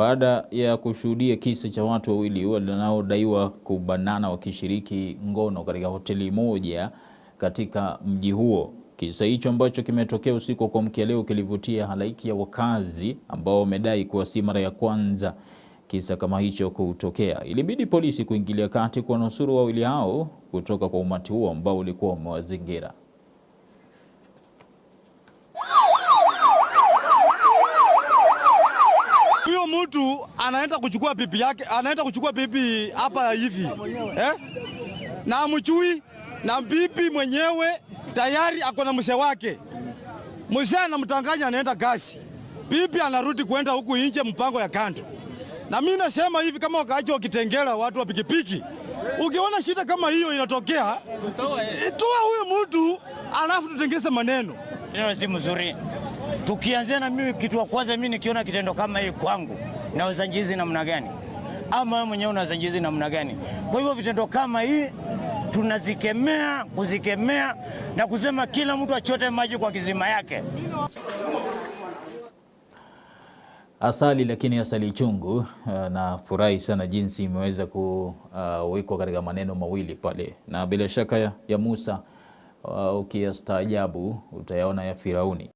baada ya kushuhudia kisa cha watu wawili wanaodaiwa kubanana wakishiriki ngono katika hoteli moja katika mji huo. Kisa hicho ambacho kimetokea usiku wa kuamkia leo kilivutia halaiki ya wakazi ambao wamedai kuwa si mara ya kwanza kisa kama hicho kutokea. Ilibidi polisi kuingilia kati kuwanusuru wawili hao kutoka kwa umati huo ambao ulikuwa umewazingira. mtu anaenda kuchukua bibi yake, anaenda kuchukua bibi hapa hivi eh? na mchui na bibi mwenyewe tayari ako na mzee wake, mzee anamtanganya anaenda gasi, bibi anarudi kwenda huku nje mpango ya kando. Na mimi nasema hivi, kama wakaaji wakitengela watu wa pikipiki, ukiona shida kama hiyo inatokea, toa huyo mtu alafu tutengeneze maneno. Hiyo si mzuri. Tukianzia na mimi, kitu wa kwanza mimi nikiona kitendo kama hii kwangu nauza njizi namna gani, ama wewe mwenyewe unauza njizi namna gani. Kwa hivyo vitendo kama hii tunazikemea, kuzikemea na kusema kila mtu achote maji kwa kizima yake. Asali lakini asali chungu. Eh, na furahi sana jinsi imeweza kuwekwa eh, katika maneno mawili pale, na bila shaka ya Musa eh, ukiyastaajabu utayaona ya Firauni.